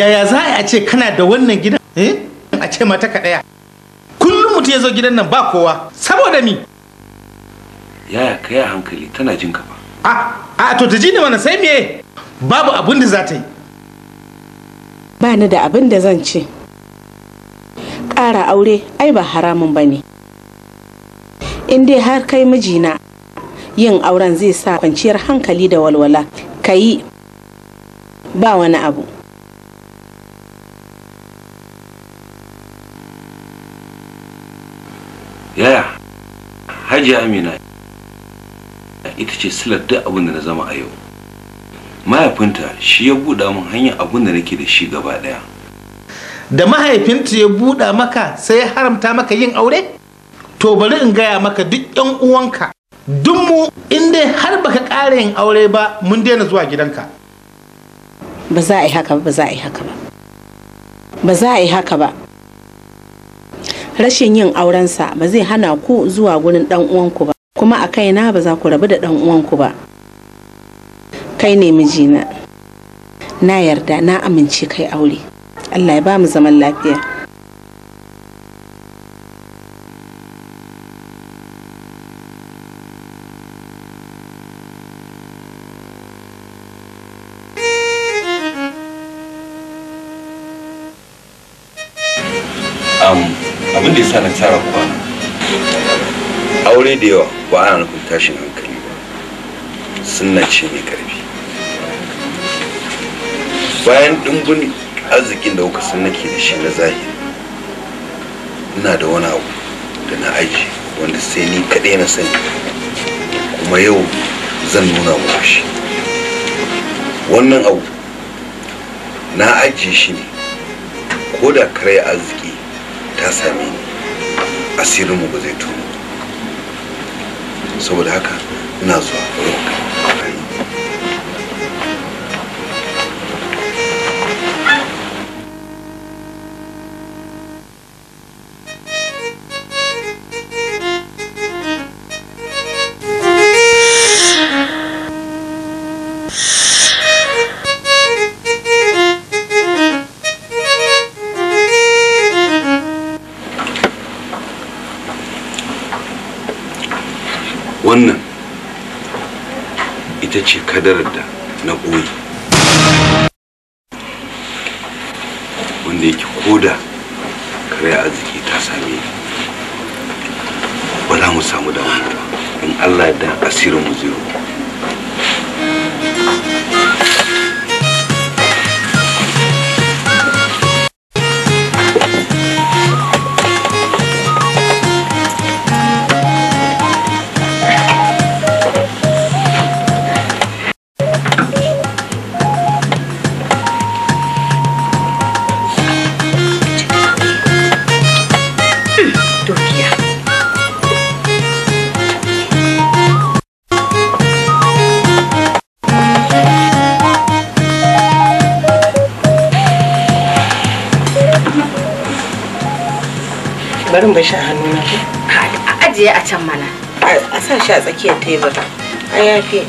yaya za a ce kana da wannan gidan eh? a ce mata ka ɗaya kullum mutum ya zo gidan nan ba kowa saboda mi yaya ka yi hankali tana jin ka ba a a to ta ji ni mana sai me babu abin da za ta yi ba ni da abin da zan ce ƙara aure ai ba haramun ba ne in dai har kai mijina yin auren zai sa kwanciyar hankali da walwala ka yi ba wani abu hajiya amina ita ce silar duk abin da na zama a yau mahaifinta shi ya buɗa mun hanyar abin da nake da shi gaba ɗaya da mahaifinta ya buɗa maka sai ya haramta maka yin aure to bari in gaya maka duk yan uwanka duk mu in dai har baka ƙara yin aure ba mun daina zuwa gidanka ba ba za a yi haka ba ba za a yi haka ba rashin yin aurensa ba zai hana ku zuwa gurin dan uwanku ba kuma a kaina ba za ku rabu da dan uwanku ba kai ne mijina na yarda na amince kai aure allah ya ba mu zaman lafiya abin da sa na tara ku aure da yawa ba ana nufin tashin hankali ba sunna ce mai karfi bayan dimbin arzikin da kuka san nake da shi na zahiri ina da wani abu da na aiki wanda sai ni kaɗai na sani kuma yau zan nuna muku shi wannan abu na ajiye shi ne ko da kare arziki ta sami asirinmu ba zai tuno saboda haka ina zuwa bari mu shi a hannuna a ajiye a can mana a sa shi a tsakiyar tebur a yafe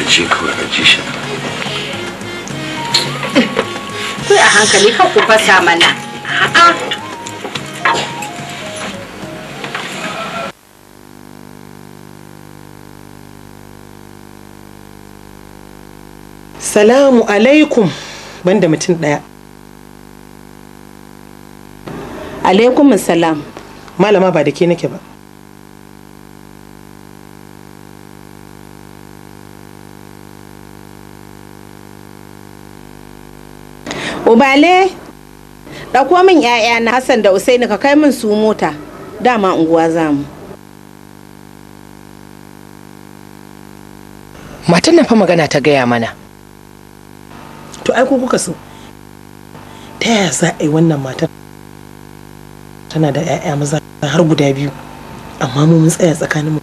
a ce kawai a ji shi kai a hankali kan ku fasa mana a'a Salamu alaikum banda mutum ɗaya. Alaikum salam. malama ba da ke nake ba ubale ɗauko min 'ya'ya na hassan da usaini ka kai min su mota dama unguwa za mu matan na fa magana ta gaya mana to ai kuka so ta yaya za a yi wannan matar tana da 'ya'ya maza har guda biyu amma mu mun tsaya tsakanin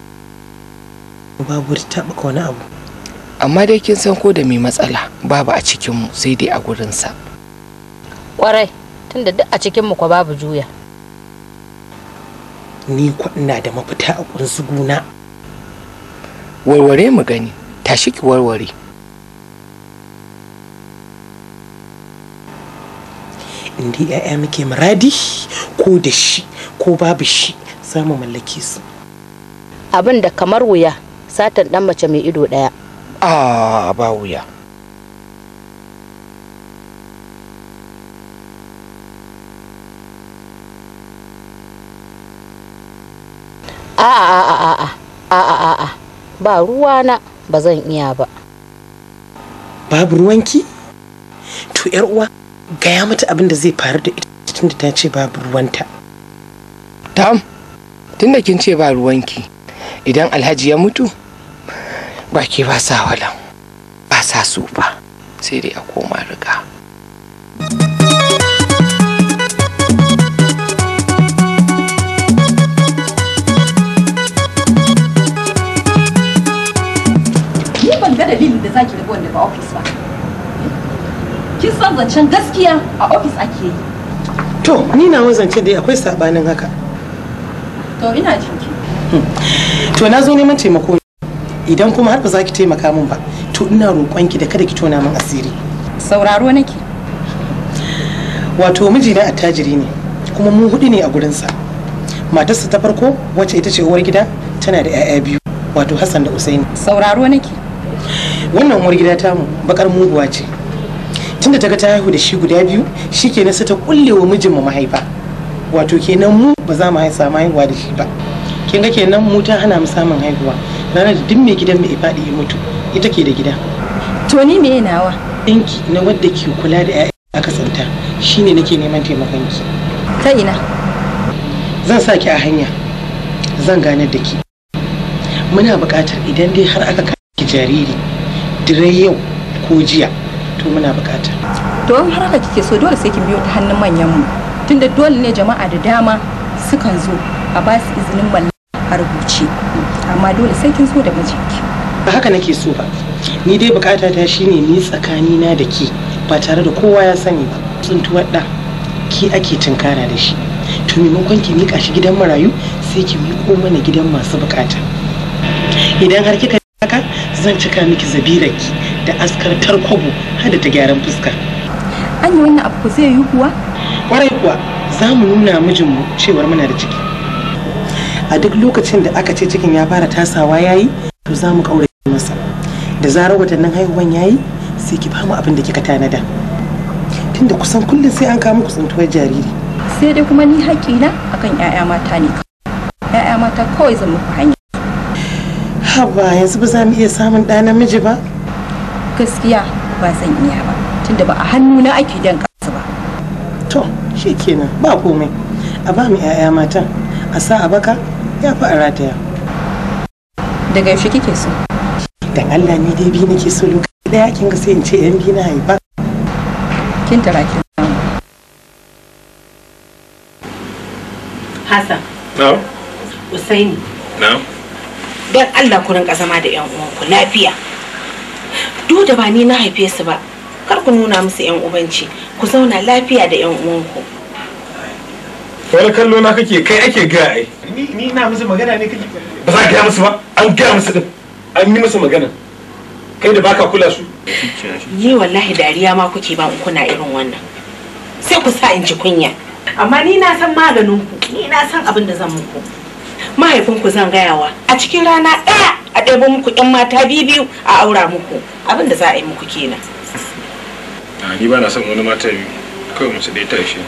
mu babu ta taɓa wani abu amma dai kin san ko da mai matsala babu a cikin mu sai dai a gurin sa kwarai tunda duk a cikin mu ko babu juya ni ko ina da mafita a guna warware mu gani tashi ki warware inda 'ya'ya muke muradi ko da shi ko babu shi za mu mallake su abin da kamar wuya satan dan mace mai ido daya a ba wuya a a a a a a a a ba ruwana ba zan iya ba babu ruwanki to yar uwa gaya mata abin da zai faru da ita tunda ta ce babu ruwanta Tam, tun da kin ce ba ruwanki, idan alhaji ya mutu, baki ba sa walan, ba sa su ba, sai dai a koma riga. Ni ban ga dalilin da zaki rabu wanda ba ofis ba. Kin san zancen gaskiya a ofis ake yi. To, ni na dai akwai sabanin haka. To ina jinki. Hmm. To na zo neman taimako idan kuma har ba za ki taimaka min ba to ina roƙonki da kada ki tona min asiri. Sauraro nake. Wato mijina attajiri ne kuma mu hudu ne a gurinsa. Matarsa ta farko wacce ita ce uwar gida tana da 'ya'ya biyu wato Hassan da Usaini. Sauraro nake. Wannan uwar gida tamu bakar muguwa ce. Tunda ta ga ta haihu da shi guda biyu shikenan sai ta kulle wa mijinmu mahaifa. wato kenan mu ba za mu samu haihuwa da shi ba kin ga kenan mu ta hana mu samun haihuwa ranar da duk mai gidan mai faɗi ya mutu ita ke da gida to ni me nawa ɗinki na wadda ke kula da 'ya'ya aka tsinta shine nake neman taimakon ki ta ina zan sa ki a hanya zan ganar da ki muna buƙatar idan dai har aka kawo ki jariri dire yau ko jiya to muna buƙata to har haka kike so dole sai ki biyo ta hannun manyan mu tunda dole ne jama'a da dama sukan zo a ba su izinin mallaka a rubuce amma dole sai kin zo da mijinki ba haka nake so ba ni dai bukata ta shine ni tsakanina da ke ba tare da kowa ya sani ba tsuntuwar ɗan ki ake tunkara da shi to maimakon ki mika shi gidan marayu sai ki miko mana gidan masu bukata idan har kika haka zan cika miki ki da askar tarkwabo hada ta gyaran fuska anyi wannan abu zai yi kuwa kwarai kuwa za mu nuna mijinmu cewar muna da ciki a duk lokacin da aka ce cikin ya fara tasawa ya yi to za mu masa da zarar watannin haihuwan ya yi sai ki bamu abin da kika tanada tunda kusan kullum sai an kama muku tsuntuwar jariri sai dai kuma ni haƙina akan 'ya'ya mata ne 'ya'ya mata kawai zan muku hanya haba yanzu ba za mu iya samun ɗa namiji ba gaskiya ba zan iya ba tunda ba a hannu na ake danka su ba to shi kenan ba komai a ba mu 'ya'ya matan a sa a baka ya fi a rataya daga yaushe kike so dan Allah ni dai biyu nake so lokaci daya kin ga sai in ce yan biyu na haifa kin tara kin Hassan na'am Usaini na'am dan Allah ku rinka zama da yan uwanku lafiya duk da ba ni na haife su ba kar ku nuna musu yan ubanci ku zauna lafiya da yan uwanku wani kallo na kake kai ake gaya ai ni na musu magana ne kake ba za ka gaya musu ba an gaya musu din an yi musu magana kai da baka kula su ni wallahi dariya ma kuke ba na irin wannan sai ku sa in ji kunya amma ni na san maganin ku ni na san abin da zan muku mahaifin ku zan gayawa a cikin rana ɗaya a ɗebo muku ɗan mata biyu a aura muku abin da za a yi muku kenan Ah, ni ba na son wani mata biyu kawai mace ɗaya ta ishe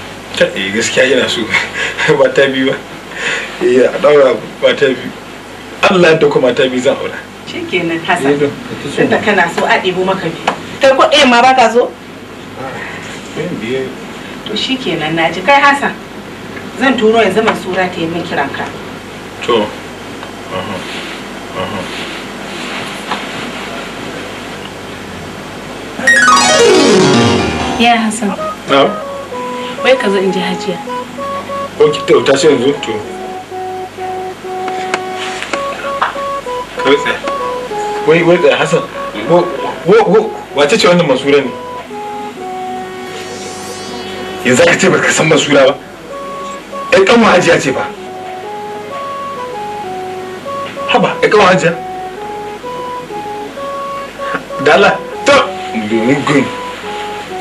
eh gaskiya yana so mata biyu ba eh a daura mata biyu Allah da kuma mata biyu zan aura shikenan Hassan sai eh, ta kana so a ɗebo maka biyu kai ko ɗaya ma baka so ah, to shikenan naji kai Hassan zan turo yanzu Mansura ta yi min kiranka to aha aha ya Hassan. na wai ka zo in ji hajiya ko ki ta ta sai yanzu to kai wai wai tsaya eh, hasan wace ce wannan masura ne yanzu ka ce baka san masura ba ɗan ɗan hajiya ce ba haba ɗan ɗan hajiya dala ta domin gun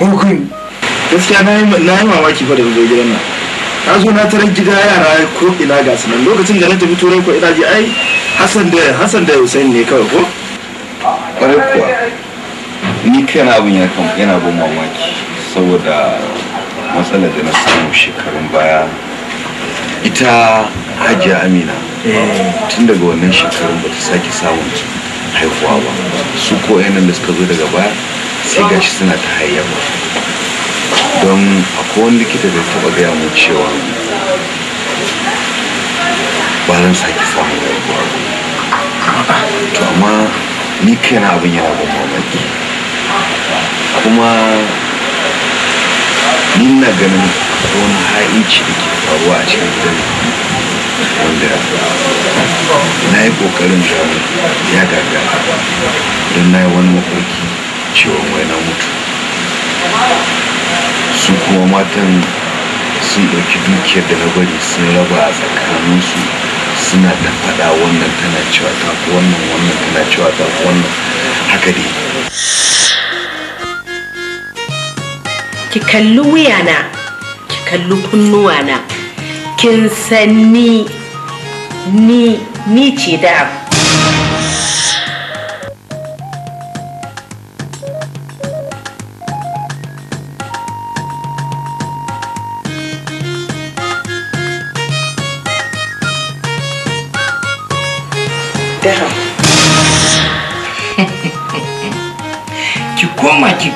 hukun gaskiya na yi mamaki fa da zo gidan nan na zo na tarar gida yara ko ina ga su nan lokacin da na tafi turai ko ina ji ai hassan da hassan da hussein ne kawai ko ƙwarai kuwa ni kaina abin ya kan yana bin mamaki saboda matsalar da na samu shekarun baya ita hajji amina eh. tun daga wannan shekarun ba ta sake samun haihuwa ba su ko yanan da suka zo daga baya sai gashi suna ta hayyama don akwai wani likita da taba gaya mu cewa ba zan sake samun rayuwa to amma ni kaina abin yana ban mamaki kuma ni na ganin wani ha'inci da ke faruwa a cikin gidan wanda na yi kokarin gano ya gagara don na yi wani mafarki cewa wai na mutu su kuma matan sun ɗauki dukiyar da na bari sun raba a tsakaninsu suna ta faɗa wannan tana cewa ta wannan wannan tana cewa ta wannan haka dai ki kalli wuyana ki kalli kunnuwana kin sanni ni ni ni ce da abu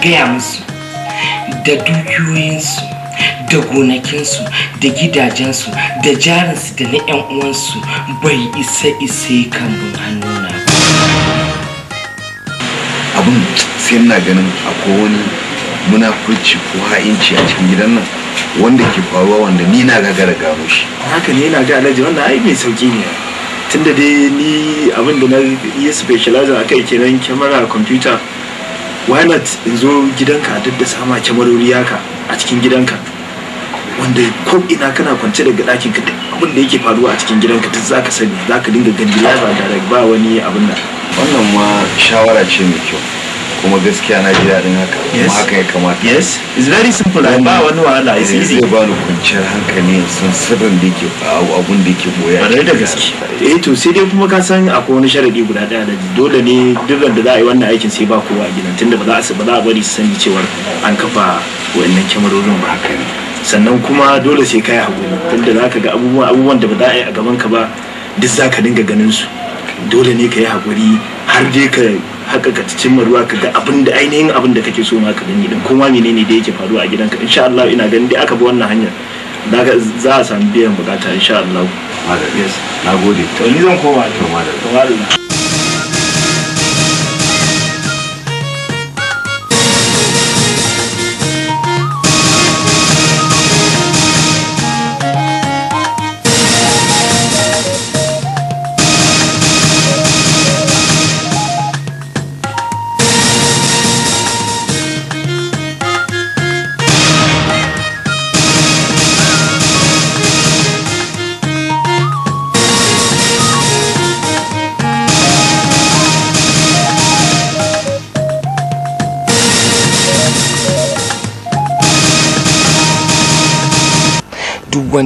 gaya musu da dukiyoyinsu da gonakinsu da gidajensu da jarinsu da na 'yan uwansu bai isa isa kan bin hannuna abin sai na ganin akwai wani munafurci ko ha'inci a cikin gidan nan wanda ke faruwa wanda ni na gagara gano shi haka ne yana ga alhaji wannan ai mai sauki ne tunda dai ni abin da na yi specializer kai kenan kyamara kwamfuta why not in zo gidanka duk da sama kyamarori yaka a cikin gidanka wanda ko ina kana kwance daga ɗakin ka abin da yake faruwa a cikin gidanka duk za ka sani za dinga gani ba direct ba wani abin nan wannan ma shawara ce mai kyau kuma gaskiya na ji daɗin haka kuma haka ya kamata yes it's very simple ai ba wani wahala is eh, easy zai bani kwanciyar hankali sun sirrin da yake abun da yake boye ba da gaske eh to sai dai kuma ka san akwai wani sharadi guda ɗaya da dole ne duk da za a yi wannan aikin sai ba kowa a gidan tunda ba za a ba za a bari su sani cewar an kafa wannan kyamarorin ba haka ne sannan kuma dole sai ka yi hakuri tunda za ka ga abubuwan abubuwan da ba za a yi a gaban ka ba duk za ka dinga ganin su dole ne ka yi hakuri har dai ka haka ka cimma ruwa ka ga abin da ainihin abin da kake so ma ka gani din kuma menene da yake faruwa a gidanka insha Allah ina ganin dai aka bi wannan hanyar za a sami biyan bukata insha Allah yes nagode to ni zan koma to madalla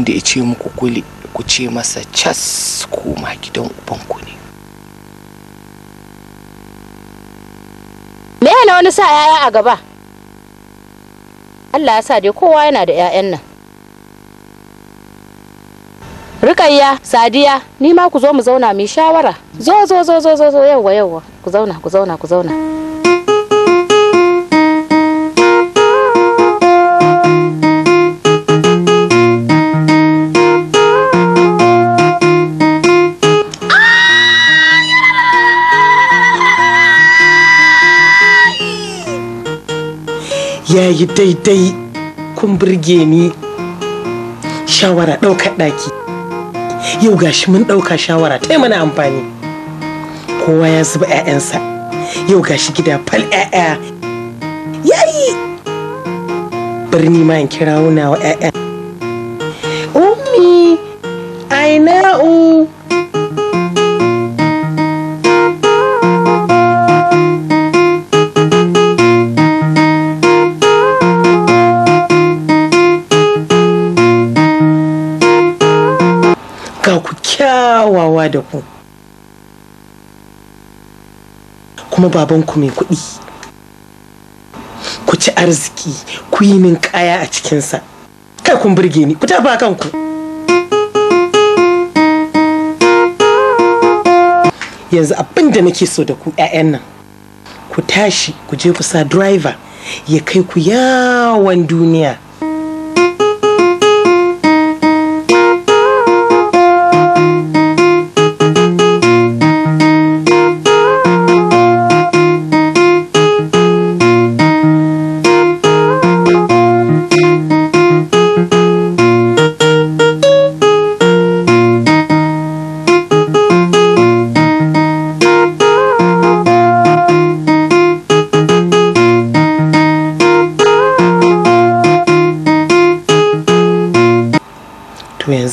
da ya ce muku kuli ku ce masa cas koma gidan ubanku ne me yana wani sa yaya a gaba Allah ya sa dai kowa yana da 'ya'yan nan Rukayya, Sadiya, ni ma ku zo mu zauna mu shawara. Zo zo zo zo zo yauwa. Ku zauna ku zauna ku zauna. ya yi daidai kun burge ni shawara ɗaukar ɗaki yau gashi mun ɗauka shawara ta mana amfani kowa ya zuba 'ya'yansa yau gashi gida fal 'ya'ya yayi birni ma in kira wa 'ya'ya ummi aina'u um. da ku kuma babanku mai kuɗi ku ci arziki ku yi min kaya a cikinsa kai kun burge ni ku tafa kanku yanzu abin da nake so da ku 'ya'yan nan ku tashi ku je ku sa driver ya kai ku yawon duniya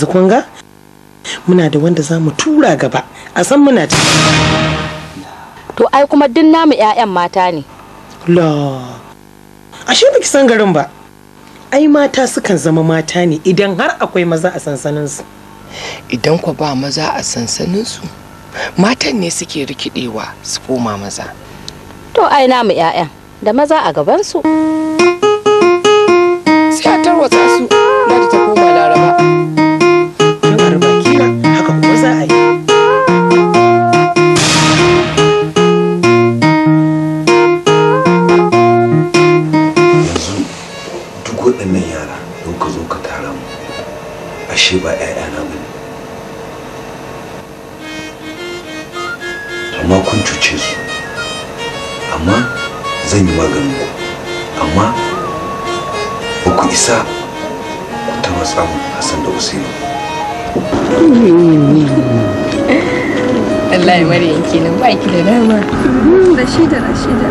yanzu kun ga muna da wanda za mu tura gaba a san muna ci to ai kuma duk namu 'ya'yan mata ne la ashe baki san garin ba ai mata sukan zama mata ne idan har akwai maza a sansaninsu idan kwa ba maza a sansaninsu matan ne suke rikidewa su koma maza to ai namu 'ya'yan da maza a gabansu sai a tarwatsa su shi ba ‘ya'yana ba ne amma kun cuce su amma zan yi maganin ku amma ba ku isa ku taɓa samun hassan da usaini Allah ya mare yake nan ba ki da dama. Rashida, Rashida.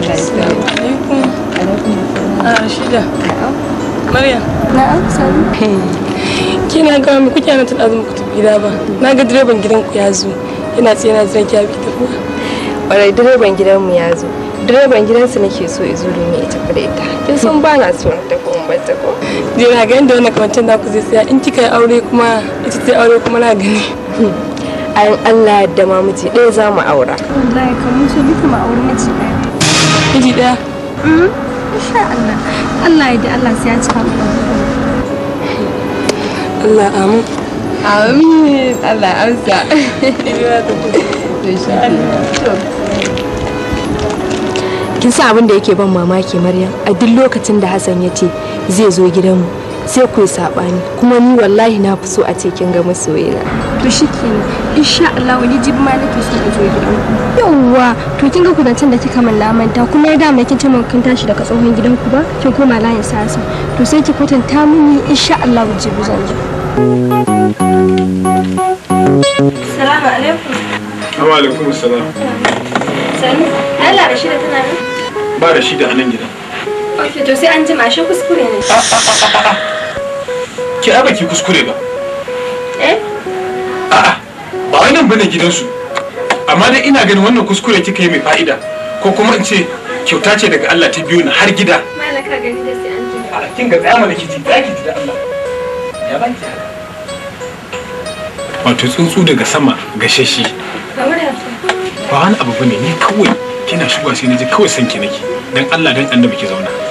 Allah ya sa. Alaikum. Alaikum. Ah, Rashida. Na'am. Maryam. Na'am, sani. na gama mai kuke na tun azumi ku tafi gida ba na ga direban ku ya zo yana tsaye na jiran kya fita kuwa ƙwarai direban gidanmu ya zo direban gidansu nake so izo domin ita fara ita kin san ba na so ta ko in bar ta ko je na ga inda wannan kamar da ku zai tsaya in kika yi aure kuma ita ta aure kuma na gani hmm. a Allah da ma miji ɗaya za mu aura wallahi kamar so duka mu aure miji ɗaya miji ɗaya mm-hmm. insha Allah Allah ya da Allah sai ya cika mu Allah amin amin Allah amsa kin san abin da yake ban mamaki maryam a duk lokacin da hassan ya ce zai zo gidanmu sai ku yi saɓani kuma ni wallahi na fi so a ce kin ga masoyina. To shi kenan insha Allah wani jib ma nake so in zo gidan ku. Yawwa to kin ga kudancin da kika mun lamanta kuma ya dama kin ce kin tashi daga tsohon gidan ku ba kin koma layin sasa to sai ki kwatanta mini insha Allah jib zan zo. Salamu alaikum. Wa alaikum salam. Sani, Allah Rashida tana nan? Ba Rashida a nan gidan. rufe ba ki kuskure ba eh a'a ba wai nan bane gidansu amma dai ina ganin wannan kuskure kika yi mai fa'ida ko kuma in ce kyauta ce daga Allah ta biyo ni har gida malaka gani da sai an ji a kin ga tsaya mana kiji za ji da Allah ya ba ki wato tsuntsu daga sama sheshi ba wani abu bane ni kawai kina shigowa sai na ji kawai sanki nake dan Allah dan annabi ki zauna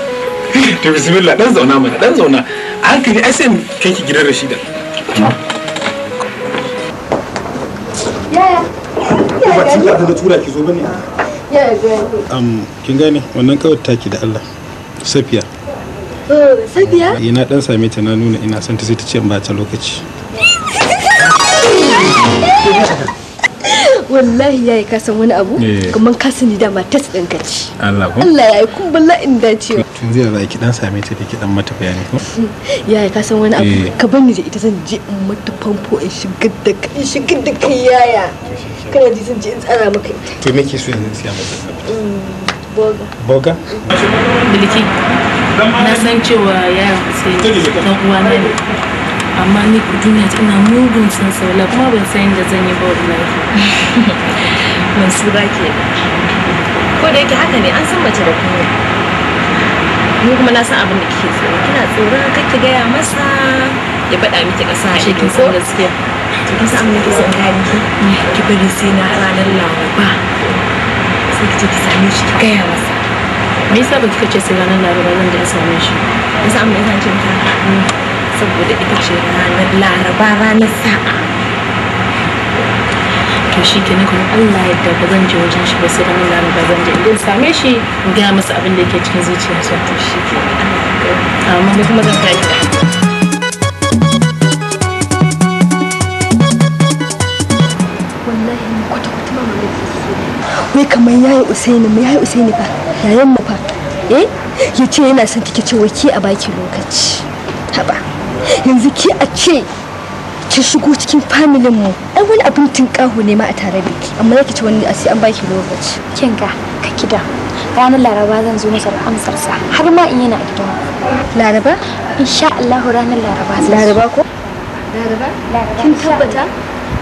to bismillah dan zauna mana dan zauna hankali ai sai kai ki gidan Rashida yaya ba ya da tura ki zo bane yaya ya kin gane wannan kawai taki da Allah Safiya oh, Safiya? Ina eh, dan same ta na nuna ina son ta sai ta ce ba ta lokaci. wallahi yayi ka san wani abu eh. kamar ka sani dama test ɗin Allah ya yi kun bala in dacewa tun zai ba ki dan same ta da ki dan mata bayani ko yaya ka san wani abu eh. ka bar ni da ita zan je in mata famfo in shigar da kai shigar da kai yaya kana ji zan je in tsara maka to me ke so yanzu siya mata mm, boga boga na san cewa ya sai na uwa ne amma ni duniya ina mugun san saula kuma ban san inda zan yi ba wallahi mansura ke ko da yake haka ne an san mace da kuma ni kuma na san abin da kike so kina tsoron kai ki gaya masa ya faɗa miki ƙasa a ido ko gaskiya to kin san abin da kike gaya miki ki bari sai na ranar laraba sai ki ki same shi ki gaya masa me yasa ba kika ce sai ranar laraba zan je same shi yasa abin da kike ce mm. saboda ita ce ranar laraba ranar sa'a to shi ke kuma Allah ya da ba zan je wajen shi ba sai da Allah ba zan je idan same shi in gaya masa abin da yake cikin zuciya ta to shi kenan amma ni kuma zan kai gida wai kamar yayi usaini mu yayi usaini fa yayan mu fa eh yace yana son kike ce wai ki a baki lokaci haba yanzu ki a ce ki shigo cikin familin mu ai wani abin kaho ne ma a tare da ki amma yake ci wani a sai an baki lokaci kin ga ka kida ranar laraba zan zo masa da amsar sa har ma in yana a gidan laraba insha Allah ranar laraba zan laraba ko laraba kin tabbata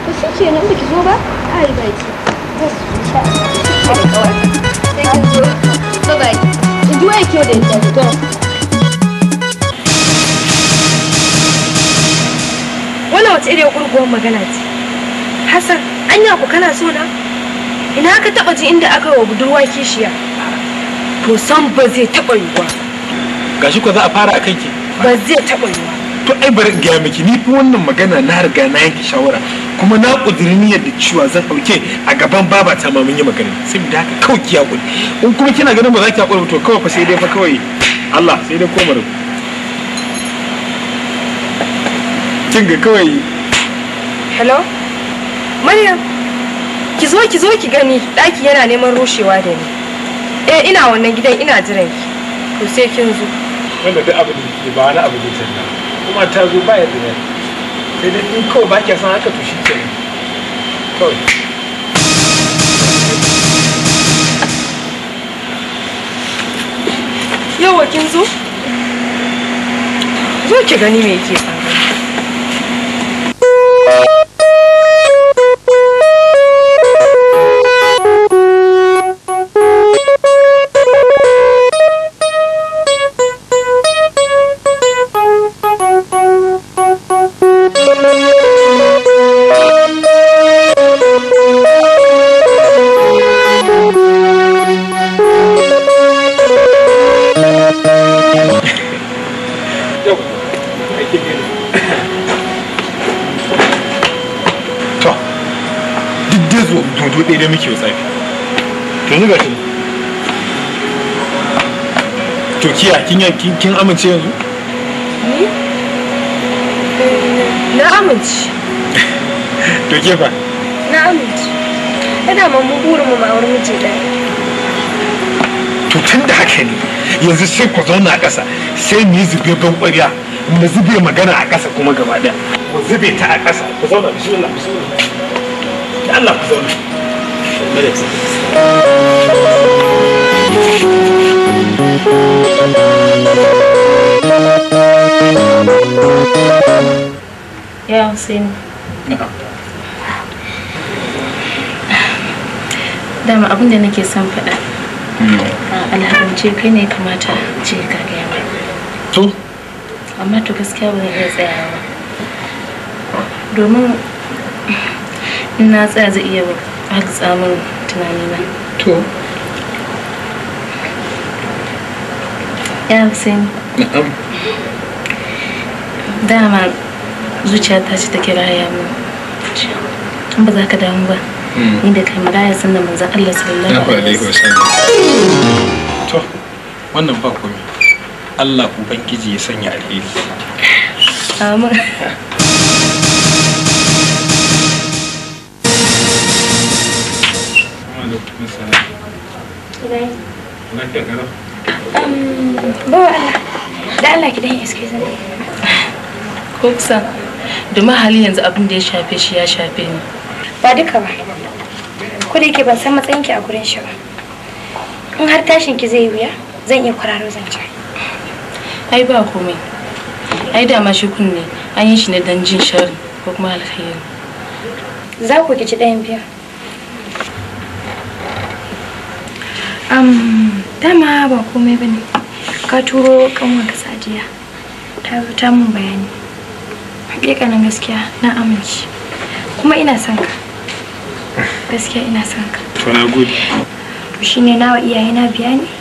to shi kenan baki zo ba ai baki zan insha Allah zo bye bye ki duwaye da ita wannan wace iriyar gurguwar magana ce hassan anya ku kana so na ina ka taba ji inda aka wa budurwa kishiya to san ba zai taba yiwuwa gashi ko za a fara akan ki ba zai taba ba. to ai bari in miki ni fa wannan magana na riga na yanke shawara kuma na kudiri ni yadda ciwa zan dauke a gaban baba ta ma mun yi magana sai da ka kawai ki in kuma kina ganin ba za ki hakuri to kawai fa sai dai fa kawai Allah sai dai ko mutum ga kawai hello maryam ki zo ki zo ki gani daki yana neman rushewa da ni eh ina wannan gidan ina jiran ki to sai kin zo wanda duk abu ne ba wani abu ne canza kuma ta zo ba ya jira sai dai in ko ba ki san haka to shi kenan kawai yawa kin zo zo ki gani me yake faruwa Bye. sai dai muke tsafi to zuga shi to kiya kin kin amince yanzu na amince to ke fa na amince ina mamu burin mu ma'aur miji daya to tun da haka ne yanzu sai ku zauna a ƙasa sai mu yi zube ban ƙwarya mu zube magana a ƙasa kuma gaba ɗaya ku zube ta a ƙasa ku zauna bismillah bismillah Allah ku zauna Nereye çıktınız? Ya Hüseyin. Dama abin da nake son faɗa. Hmm. Alhamdulillah kai ne kamata ce ka gaya mai. To? Amma to gaskiya ba zan iya tsayawa. Domin na tsaya zai iya ba. aka samun tunani na to ya hussein dama zuciya ta ce ta take raya mu in ba za ka damu ba hmm. ni da kai maraya sun da manzan Allah sallallahu alaihi wasallam to wannan ba komai Allah ubangiji ya sanya alheri amin da ko kusa domin hali yanzu abin da ya shafe shi ya shafe ni ba duka ba ko da yake ban san matsayin ki a gurin shi ba in har tashin ki zai wuya zan iya kwararo zance ai ba komai ai dama shi kunne an yi shi ne dan jin shari ko kuma alkhairi za ku ki ci ɗayan biyar? um dama ba komai ba ne ka turo kanwa sadiya ta zo ta mun bayani hakikanin gaskiya na amince kuma ina son ka gaskiya ina son ka to na gode to ne nawa iyaye na bayani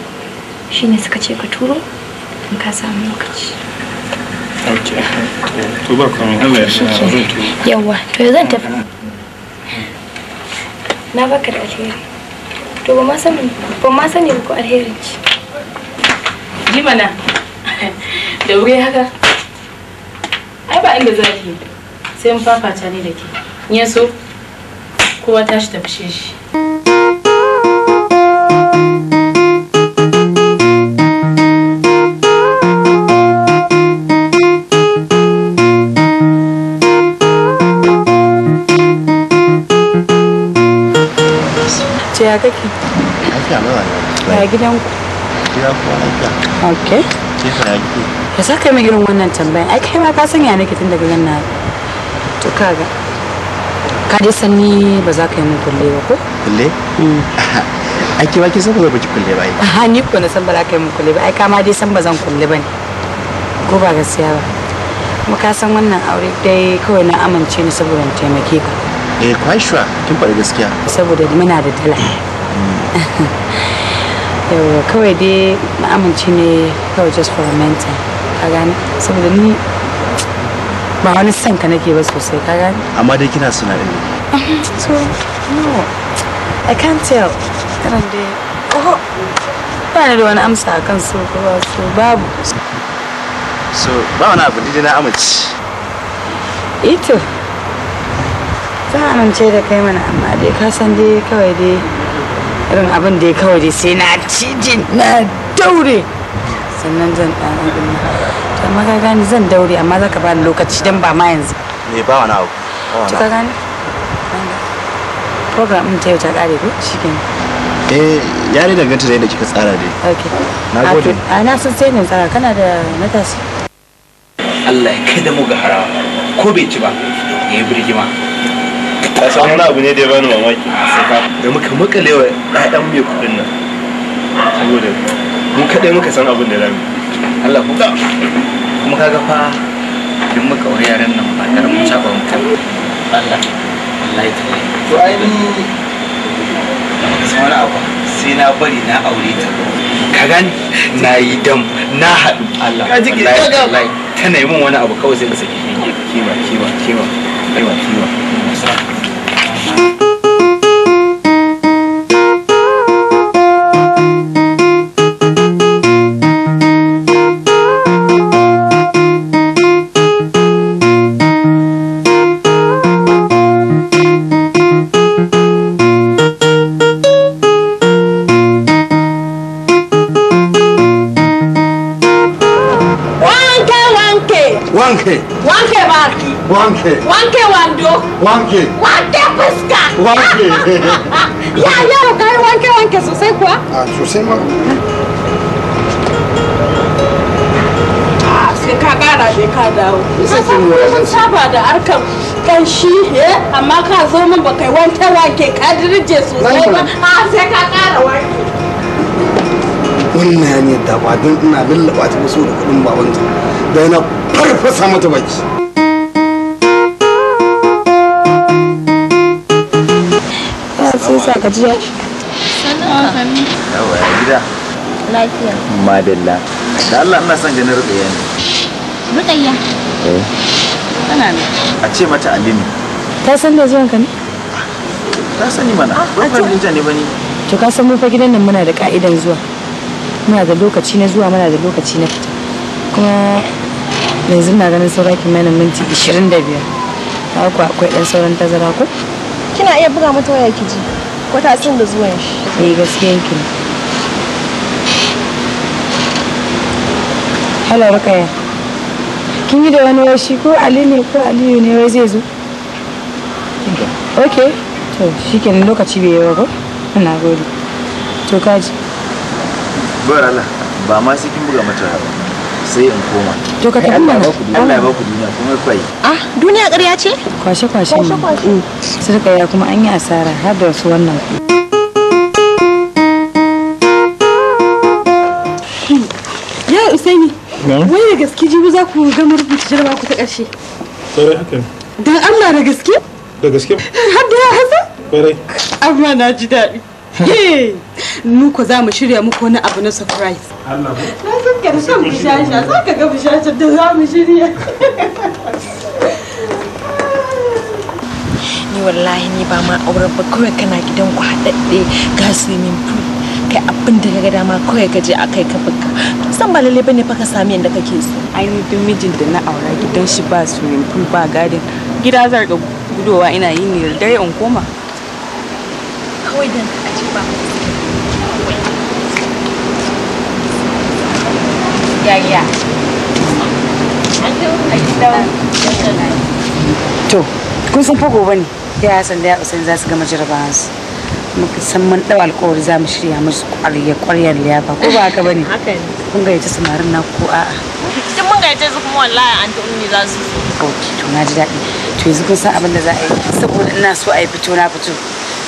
ne suka ce ka turo in ka samu lokaci Okay. To ba kuma ya sa Yawwa, to zan tafi. Na baka da alheri. to ba ma sani ba ma sani ko alherin ki ji mana da wuri haka ai ba inda zaki sai mun fafata ne da ke kowa ta shi kowa tashi shi kake? Ya sa kai irin wannan tambayan. Ai kai ma ka san ya nake tun daga nan To kaga. Ka dai san ni ba za ka yi min kulle ba ko? Kulle? Mm. Ai ke ba ki san ba ki kulle ba ai. ni ko na san ba za ka yi kulle ba. Ai ka ma dai san ba zan kulle ba ne. Ko ba gaskiya ba. Kuma ka san wannan aure dai kawai na amince ni saboda in taimake ka. Eh, kin faɗi gaskiya. Saboda muna da talaka. yawa kawai dai na amince ne kawai just for a mentor ka gane saboda ni ba wani son ka nake ba sosai ka gane amma dai kina suna da ni so no i can't tell karan dai oh ba ni da wani amsa a kan so ko ba so babu so ba wani abu dai na amince ito eh za amince da kai mana amma dai ka san dai kawai dai irin abin da ya kawai dai sai na cije na daure sannan zan ɗan ɗan amma ka gani zan daure amma za ka bani lokaci don ba ma yanzu me ba wani abu to ka gani program ɗin ta yau ta ƙare ko shi kenan eh ya dai danganta da kika tsara dai okay na gode a na san sai ne tsara kana da natasi Allah ya kai da mu ga harawa ko bai ci ba ya yi birgima kasa wani abu ne da ya bani mamaki da muka makale wa ɗaɗan mai kuɗin nan saboda mu kaɗai muka san abin da zamu Allah ku ga kuma kaga fa duk muka wani yaren nan ba tare mun saba mu kan Allah wallahi ta to ai ni da muka san wani abu sai na bari na aure ta ka gani na yi dam na haɗu Allah wallahi tana yi min wani abu kawai sai in saki kima kima kima kima kima Wanke. Wanke wando. Wanke. Wanke fuska. Wanke. ya yau kai wanke wanke sosai kuwa? A ah, sosai ma. Ah, sai ka kara dai ka dawo. Mun saba da harkar kanshi eh, amma ka zo min ba kai wanke wanke ka dirje sosai ba. A ah, sai ka kara wanke. Wannan ne da ba don ina lallaba ta wasu da kudin babanta da yana farfasa mata baki. sa gajiya yawa ya gida lafiya madalla da Allah ina son ganin rukayya ne rukayya eh kana ne a ce mata alimi ta san da zuwan ka ne ta sani mana ah, ba fahimta ne bane to ka san mun fa gidan nan muna da ka'idan zuwa muna da lokaci na zuwa muna da lokaci na fita kuma yanzu na ganin saura mana minti 25 haka akwai dan sauran tazara ko kina iya buga mata waya ki ji wata sun da zuwan shi eh gaskiyan ki hello rukaya kin yi da wani washi ko ali ne ko aliyu ne wai zai zo ok to shi kenan lokaci bai yawa ba ina gode to kaji bara ba ma sai kin buga mata sai in koma to ka tafi mana Allah ya baku duniya kuma kwai ah duniya ƙarya ce kwashe kwashe ne sirka ya kuma an yi asara har da su wannan hmm. ya usaini wai da gaske jibi za ku gama rubuta jarabawa ku ta ƙarshe sai haka dan Allah da gaske da gaske har da ya hasa kwarai amma na ji daɗi Ye! Nuku za mu shirya muku wani abu na surprise. Allah ba. yake da shan bishasha za ka ga bishasha da za mu shirya ni wallahi ni ba ma auren ba kawai kana gidan ku haɗaɗɗe ga swimming pool kai abin da kaga dama kawai ka je a kai ka fuka san ba lalle bane fa ka sami yanda kake so ai ni duk mijin da na aura gidan shi ba swimming pool ba garden gida zarga gudowa ina yin ne da dare in koma kawai dan ka ba To, kun san fa gobe ne ya Hassan da ya Usain za su gama jarabawa su. Muka san mun dau alƙawari za mu shirya musu kwariyar ƙwaryar liyafa ko ba haka bane. ne. Kun ga yace samarin na ko a'a. Duk mun ga yace su kuma wallahi an ta ummi za su zo. to na ji daɗi. To yanzu kun san abin da za a yi saboda ina so a yi fito na fito.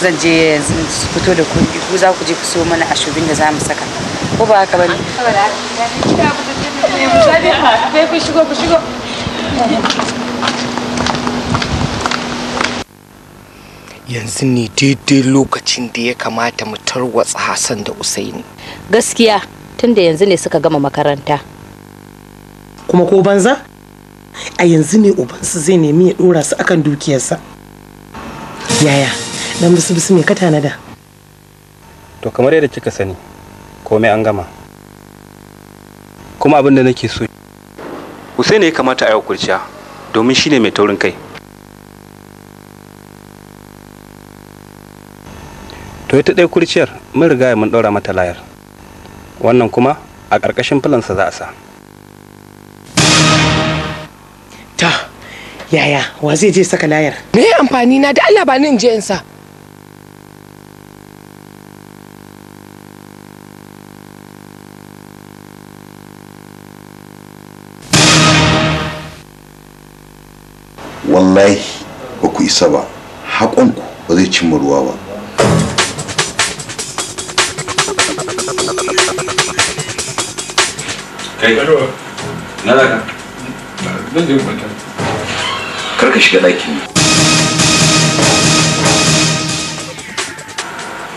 zan je yanzu fito da ku ku za ku je ku so mana ashobin da za mu saka ko ba haka bane yanzu ne daidai lokacin da ya kamata mu tarwatsa Hassan da Usaini gaskiya tunda yanzu ne suka gama makaranta kuma ko banza a yanzu ne ubansu zai nemi ya dora su akan dukiyarsa yaya dan bisu bisu me ka tanada to kamar yadda kika sani komai an gama kuma abin da nake so Hussein ya kamata a yau kurciya domin shine mai taurin kai to ita dai kurciyar mun riga mun ɗaura mata layar wannan kuma a ƙarƙashin filansa za a sa ta yaya wa zai je saka layar me amfani na da Allah ba ni in je in sa isa ba haƙonku ba zai cimma ruwa ba kai na karka shiga ɗakin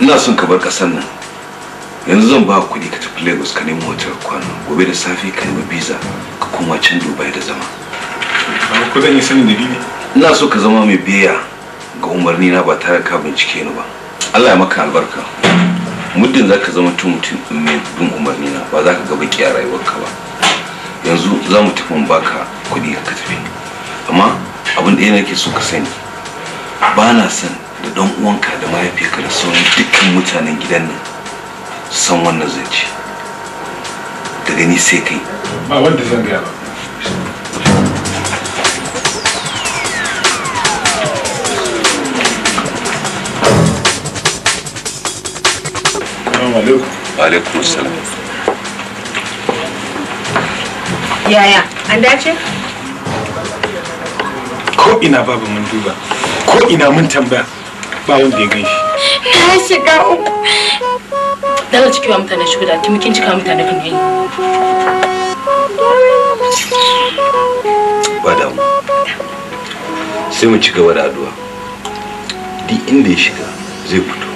ina son ka bar ƙasar nan yanzu zan ba kuɗi ka tafi lagos ka nemo wata kwano gobe da safe ka nemi biza ka koma can dubai da zama ba zan yi sanin dalili ina so ka zama mai biya ga umarni na ba tare ka bincike ni ba allah ya maka albarka muddin za ka zama mutum mai bin umarni na ba za ka ga baki a rayuwarka ba yanzu za mu tafi mu baka kuɗi ka tafi amma abin da nake so ka sani ba na san da dan uwanka da mahaifiyarka da sauran dukkan mutanen gidan nan san wannan zance daga ni sai kai ba wanda zan gaya ba Assalamu alaikum. Wa alaikum assalam. Yaya, an dace? Ko ina babu mun duba, ko ina mun tambaya ba wanda ya gan shi. Na shiga uku. Dala cikewa mutane shigo da kin cika mutane kan yayi. Ba damu. Sai mu ci gaba da addu'a. Duk inda ya shiga zai fito.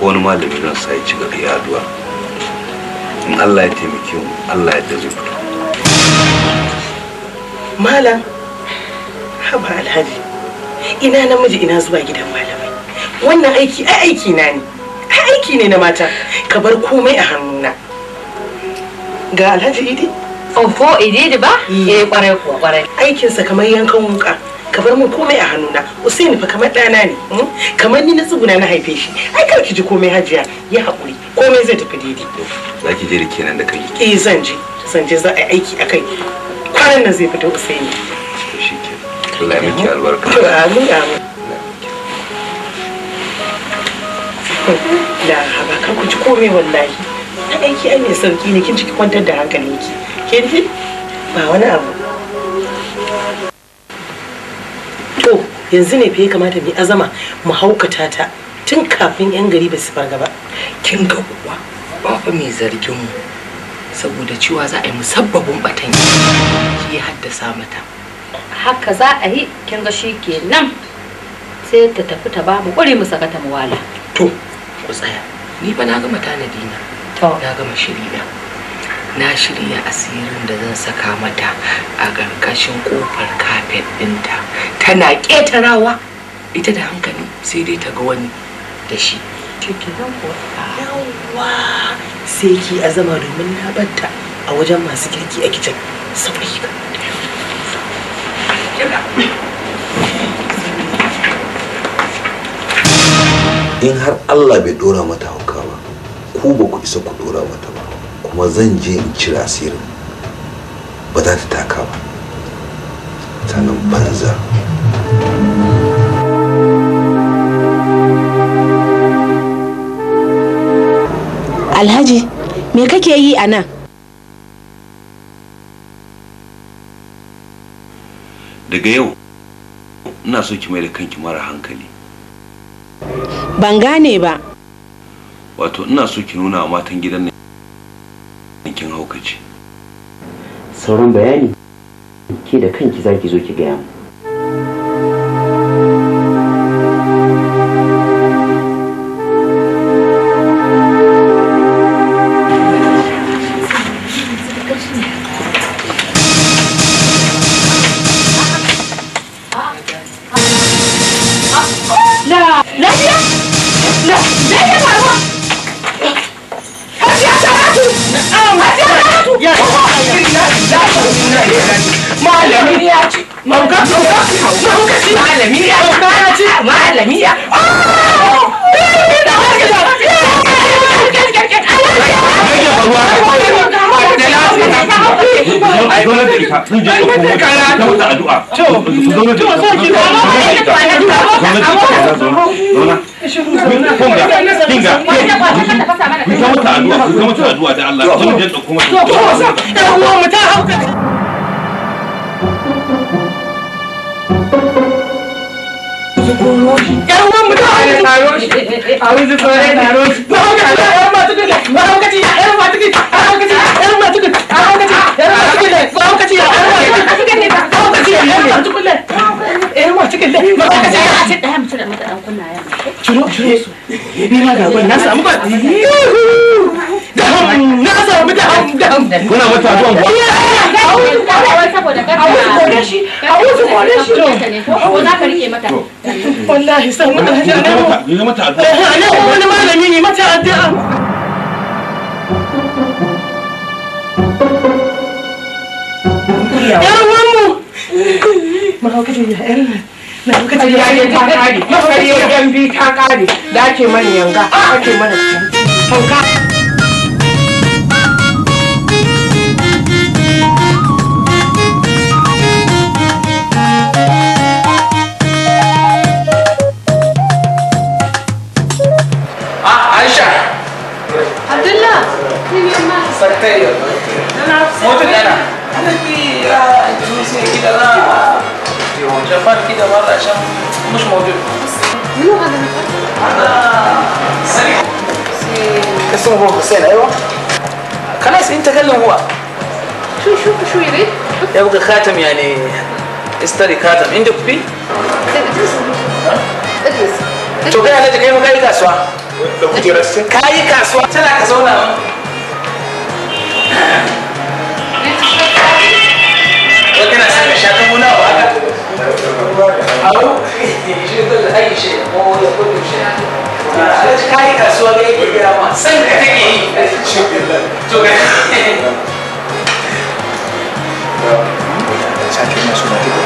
ko wani malami don sa ya ci gaba ya addu'a in Allah ya taimake mu Allah ya dazu fito malam haba alhaji ina namiji ina zuwa gidan malamai wannan aiki ai aiki na ne ai aiki ne na mata ka bar komai a hannuna ga alhaji idi ofo idi da ba mm. eh kwarai ko kwarai aikinsa kamar yankan wuka ka bar min komai a hannuna Usaini fa kamar ɗana ne hmm? kamar ni na tsuguna na haife shi ai kar ki ji komai hajiya ya haƙuri komai zai tafi daidai za ki je da kenan da kai eh zan je zan je za a yi aiki akai kwanan nan zai fita Usaini Allah ya miki albarka amin amin da ba kar ku ji komai wallahi na aiki ai mai sauki ne kin ciki kwantar da hankalinki kin ji ba wani abu to yanzu ne fa ya kamata mu azama mu haukata ta tun kafin yan gari ba su farga ba kin ga kuwa ba fa mai zargin mu saboda cewa za a yi musabbabin batan shi ya haddasa mata haka za a yi kin ga shi kenan sai ta tafi ta ba mu ƙure mu saka ta mu to ku tsaya ni ba na gama tanadi na na gama shiri na na shirya asirin da zan saka mata a ƙarƙashin ƙofar kafet ɗinta tana ƙetarawa ita da hankali sai dai ta ga wani da shi yawa sai ki azama domin na batta a wajen masu kirki a kicin saurayi ka in har allah bai dora mata hauka ku ba ku isa ku dora mata ba kuma zan je in cire asirin ba za ta taka ba sannan banza alhaji me kake yi a nan daga yau ina so ki mai da kanki mara hankali ban gane ba wato ina so ki nuna matan gidan nan. kin sauran bayani ke da kanki zaki zo ki gaya mu suna zuwa ba ya yan ta kare, makariyar yan bi ta kare, da ake mana yanga, ake mana tanka. التالي ولا انا موتت انا انا في اندونيسيا لا انا جبار كده مره عشان مش موجود منو هذا انا سريع اسمه ابو حسين ايوه خلاص انت كلم هو شو شو شو يريد؟ يبقى خاتم يعني استري خاتم عندك فيه؟ ادرس ادرس to gaya na jikai kai kasuwa kai kasuwa tana ka zauna وكان سنة شاكم هنا وهذا أو يشير أي شيء هو يقول شيء alaji kayi kasuwa ga yake gida ma san da take yi to ga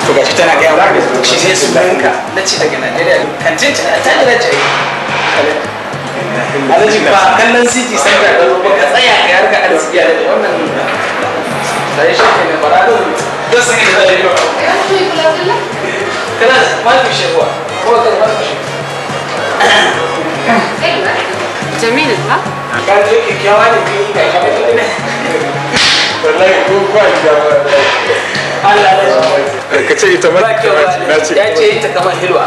to ga tana ga yawa shi sai su banka na ci daga Najeriya kantin ta ta da alhaji ba kallon city center da ba ka tsaya ka yarka arziki a daga wannan sai shi ne ba da da sun yi da riba kana ma ku kuwa ko ka ma ku Jamilu ha? Ka je kyakkyawa ne kai ka ka ne. Wallahi ko kwa kyakkyawa. Allah ya ce ita mara Ya ce ita kamar hilwa.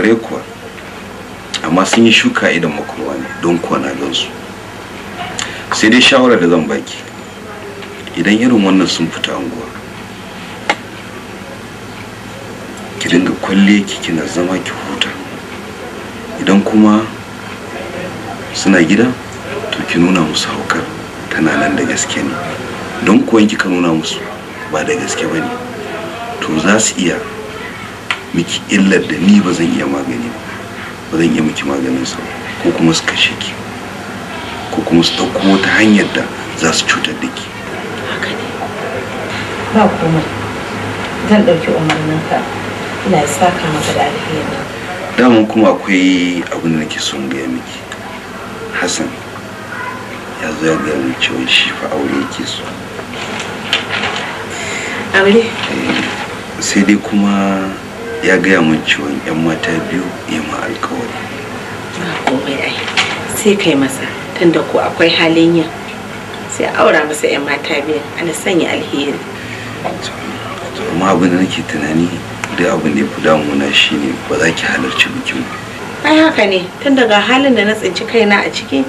kwarai kuwa amma sun yi shuka idan makulwa ne don kuwa na gansu sai dai shawarar da zan baki idan irin wannan sun fita anguwa ki dinga kwalle ki kina zama ki huta idan kuma suna gida to ki nuna musu haukar tana nan da gaske ne don kuwa kika nuna musu ba da gaske ba ne to za su iya miki illar da ni ba zan iya magani ba zan iya miki maganin sa ko kuma su kashe ki ko kuma su dauko wata hanyar da za su cutar da ki ba kuma zan ɗauki ka ina saka maka da alheri daman kuma akwai abin da nake son gaya miki hassan ya zo ya gaya min cewa shi fa aure yake so aure eh, sai dai kuma ya gaya mun ciwon 'yan mata biyu ya ma alkawari sai kai masa tunda ko akwai halin yin sai aura masa 'yan mata biyu ana sanya alheri amma abin da nake tunani duk abin da ya fi damuna ne ba za ki halarci bikin ai haka ne tun daga halin da na tsinci kaina a ciki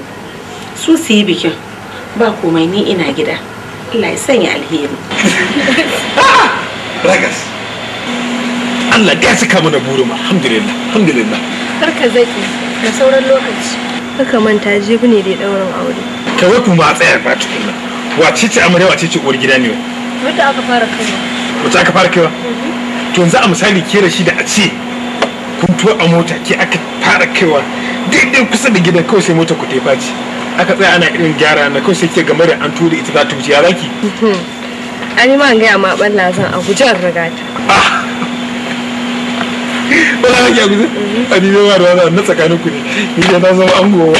su su yi bikin ba komai ni ina gida Allah ya sanya alheri ah! ragas Allah ya saka mana burin alhamdulillah alhamdulillah karka zaki da sauran lokaci kaka manta jibi ne da daurin aure ta wai kuma a tsayar ba nan wace ce amarya wace ce uwar gida ne wa. wata aka fara kaiwa wata aka fara kaiwa mhm. to yanzu a misali ke da shi da a ce kun tuwa a mota ke aka fara kaiwa daidai kusa da gidan kawai sai mota ku ta faci aka tsaya ana irin gyara na kawai sai ke game da an da ita za ta wuce ya zaki mhm. an yi ma gaya ma ɓalla zan a gujen rigata ah! wala ake a a ni bai da wani na tsakanin ku ne ni na zama an gowa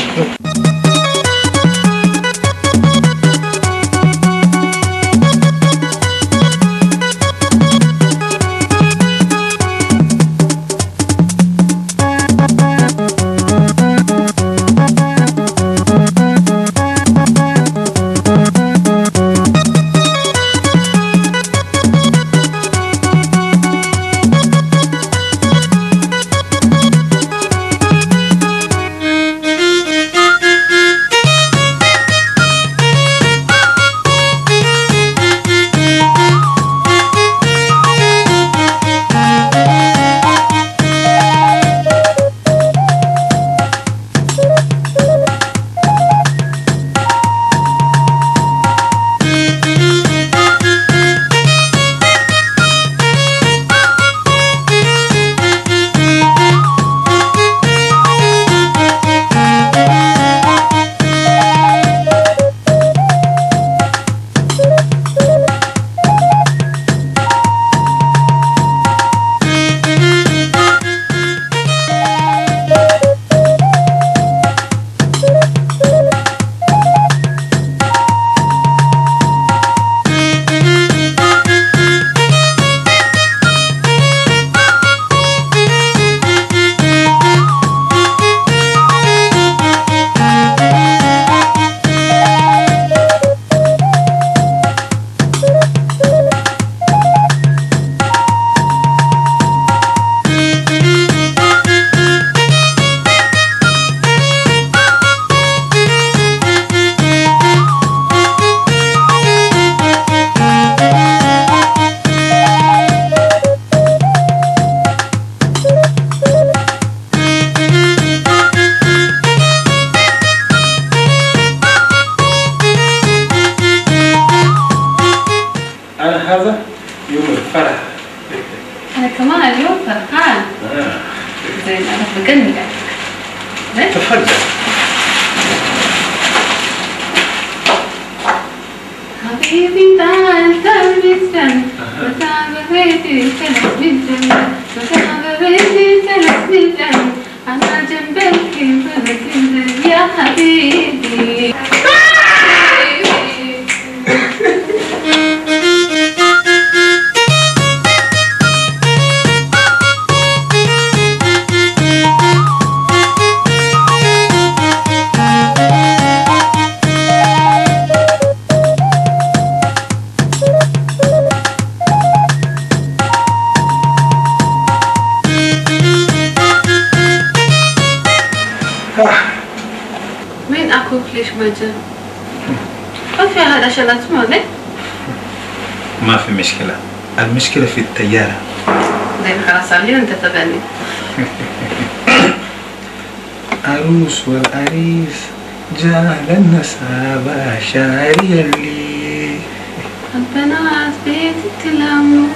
مشكلة ما في مشكلة المشكلة في التيارة زين طيب، خلاص علي انت تبني عروس والعريس جعل النسابة شعريا لي البنات بيت التلام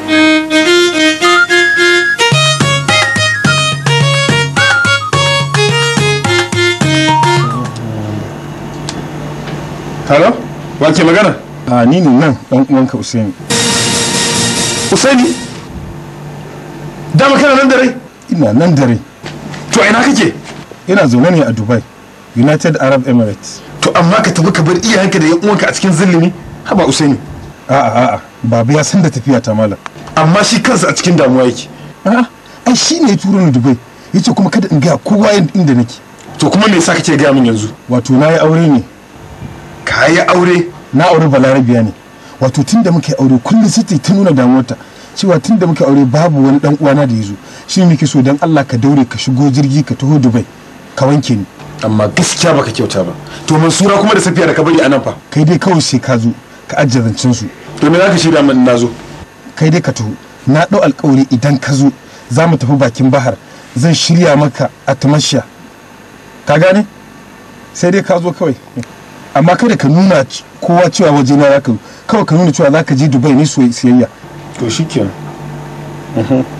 Hello? وانت magana? a ni ne nan dan uwanka usaini usaini dama kana nan dare. ina nan dare. to ina kake ina zaune ne a dubai united arab emirates to amma ka tafi ka bar iyayenka da yan uwanka a cikin zillimi haba usaini a'a a'a babu ya san da tafiya ta malam amma shi kansa a cikin damuwa yake a'a ai shi ne ya turo ni dubai yace kuma kada in ga kowa inda nake to kuma me yasa kake ga min yanzu wato na yi aure ne ka yi aure na aure balarabiya ne wato tun da muke aure kullum city ta nuna damuwarta cewa tun da muke aure babu wani dan uwana da ya zo ne muke so dan Allah ka daure ka shigo jirgi ka taho Dubai ka wanke ni amma gaskiya baka kyauta ba to mansura kuma da safiya da ka bari anan fa kai dai kawai sai ka zo ka ajiye zancen su to me zaka shirya min na zo kai dai ka taho na dau alƙawari idan ka zo za mu tafi bakin bahar zan shirya maka a tamasha ka gane sai dai ka zo kawai amma kada ka nuna kowa cewa waje na zaka kawai ka nuna cewa zaka je dubai ne siyayya to kyan. Mhm.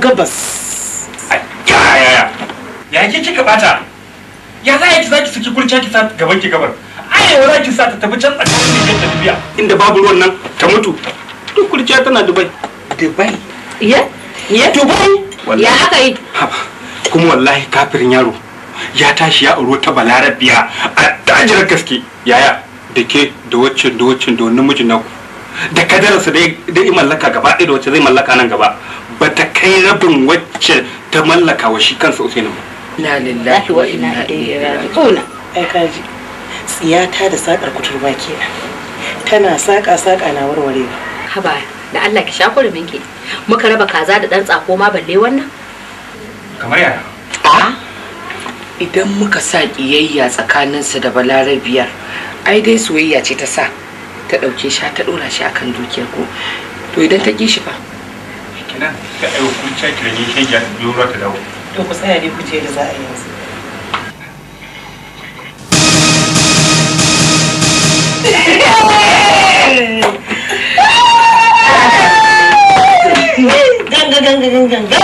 gabas ya ki kika bata ya za ki zaki saki kurciya ki sa gaban ki gabar ai ya za ki sa ta tafi can tsakanin da ta tafiya inda babu ruwan nan ta mutu duk kurciya tana dubai dubai ya ya dubai ya haka yi kuma wallahi kafirin yaro ya tashi ya auro ta balarabiya a tajirar gaske yaya da ke da waccan da waccan da wani mijin naku da kadararsa da ya mallaka gaba ɗaya da wacce zai mallaka nan gaba ba ta kai rabin wacce ta mallaka wa shi kansa usainin ba na lillahi wa inna ilaihi raji'un ai kaji tsiyata da sakar kuturba kenan tana saƙa saƙa na warware ba haba da Allah ki sha kurumin ke. muka raba kaza da ɗan tsako ma balle wannan kamar yara. a idan muka sa kiyayya tsakaninsu da balarabiyar ai dai soyayya ce ta sa ta ɗauke shi ta ɗora shi akan dukiyar ko to idan ta ƙi shi fa nan ka ɗau kurciya kirani shege a ta dawo to ku tsaya ne ku ce da za a yi yanzu ganga ganga ganga ganga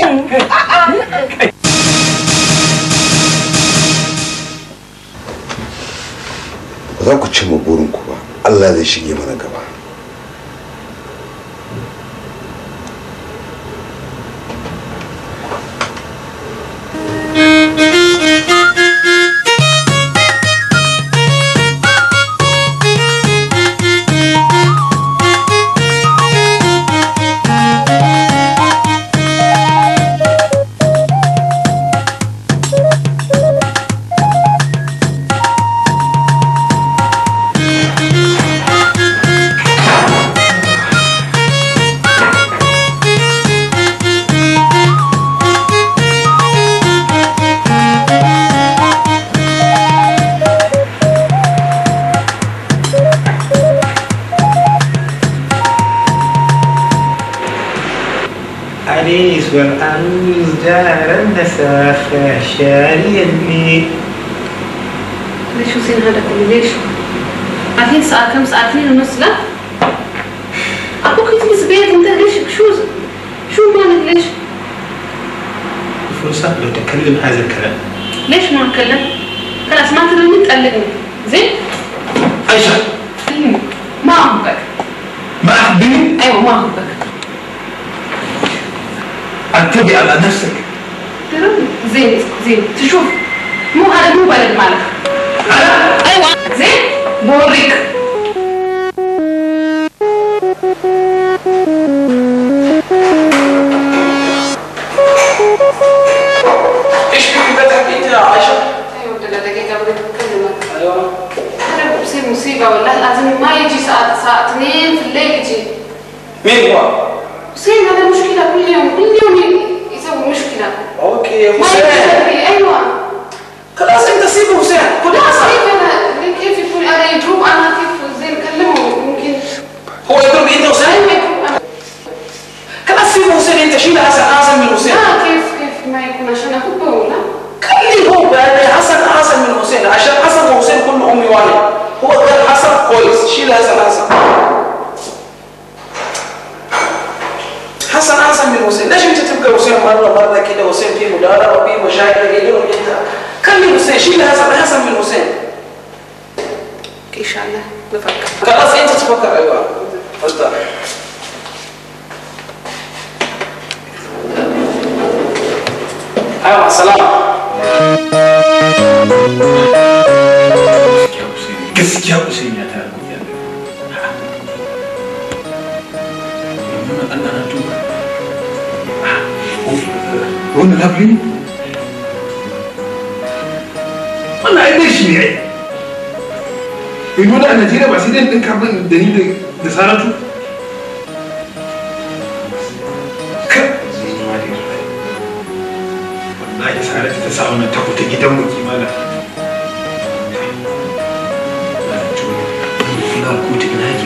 za ku ci burin burinku ba Allah zai shige mana gaba كله بقى حسن حسن من حسين عشان حسن وحسين كل امي وانا هو ده الحسن كويس شيل حسن حسن حسن حسن من حسين ليش انت تبقى حسين مره مره كده حسين فيه مدارة وفيه مشاكل كده وكده خلي حسين شيل حسن حسن من حسين ان شاء الله نفكر خلاص انت تفكر ايوه تفضل ايوه مع السلامه gaskiya usain ya tara kuɗi a gari Allah na tuba wannan labari ne wannan ai dai shi ne ai yanzu da a Najeriya ba sai dai ɗin karɓar da ni da saratu ka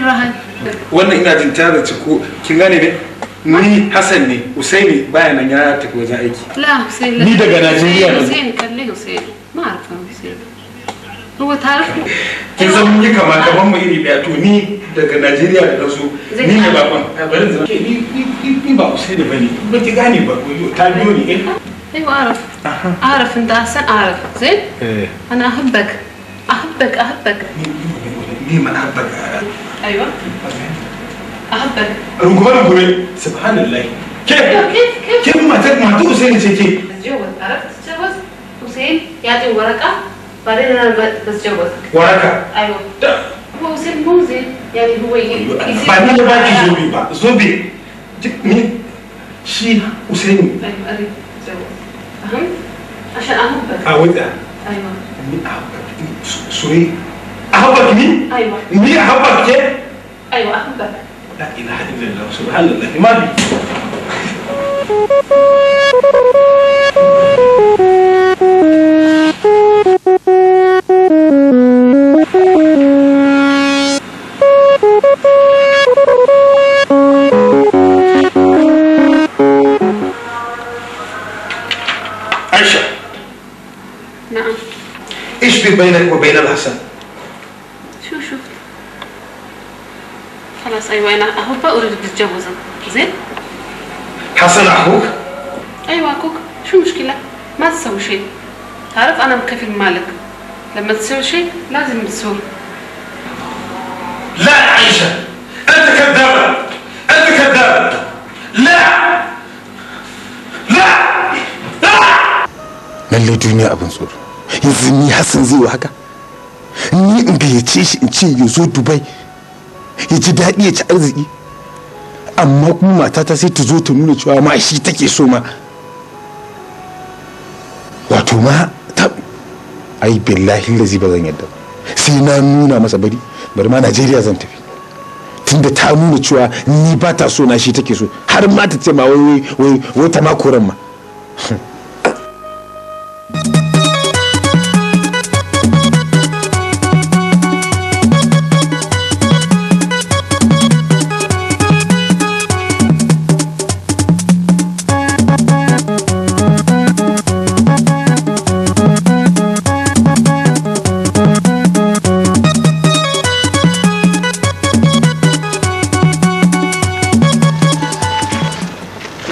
rahman wannan ina jin ta da ciko kin gane ne ni Hassan ne Usaini baya nan ya tafi wajen aiki la Usaini ni daga Najeriya ne Usaini kalle Usaini ma arfa Usaini ruwa tarif kin san mun yi kama kaman mu iri daya to ni daga Najeriya da nazo ni ne bakon bari zan ke ni ni ba Usaini bane ba ki gane ba ta biyo ni eh ايوه اعرف اعرف انت احسن اعرف زين انا احبك احبك احبك مين مين احبك ايوه اهبل رنجبه إيه؟ رنجبه سبحان الله كيف أيوة، كيف كيف كيف ما تك ما تقول زي زي كيف اتجوز عرفت اتجوز حسين يعطي ورقه بعدين انا بتجوز ورقه ايوه هو حسين موزي يعني هو أيوة. بعدين ده باقي زوبي بقى زوبي مين شي حسين ايوه اريد فهمت عشان اهبل أيوة. اهبل ايوه اهبل سوري أحبك مين؟ أيوة مين أحبك كيف؟ أيوة أحبك لا إله إلا الله سبحان الله ما في عائشة نعم ايش في بينك وبين الحسن؟ ايوه انا اهو اوريدي زين حسن اخوك ايوه اخوك شو المشكله ما تسوي شيء تعرف انا مكفل مالك لما تسوي شيء لازم تسوي لا عيشه انت كذابه انت كذابه لا لا لا لا duniya abin tsoro yanzu ni hassan zai wa haka ni in gayyace shi ya ji daɗi ya ci arziki amma kuma ta sai ta zo ta nuna cewa ma shi take so ma wato ma ta ai billahi lazi ba zan yadda sai na nuna masa bari bari ma najeriya zan tafi tunda ta nuna cewa ni ba ta so na shi take so har ma ta ce ma wai wai wai ta ma koran ma